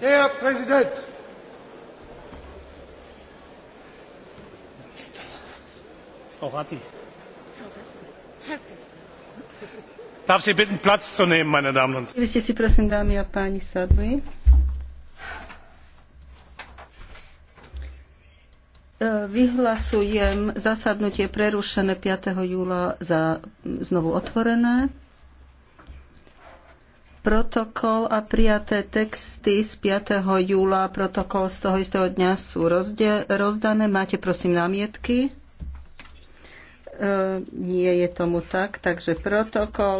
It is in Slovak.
Herr Präsident! Frau Ratti. Darf Sie bitten, Platz zu nehmen, meine Damen und Herren? Äh, vyhlasujem zasadnutie prerušené 5. júla za znovu otvorené. Protokol a prijaté texty z 5. júla, protokol z toho istého dňa sú rozde, rozdané. Máte prosím námietky? E, nie je tomu tak, takže protokol.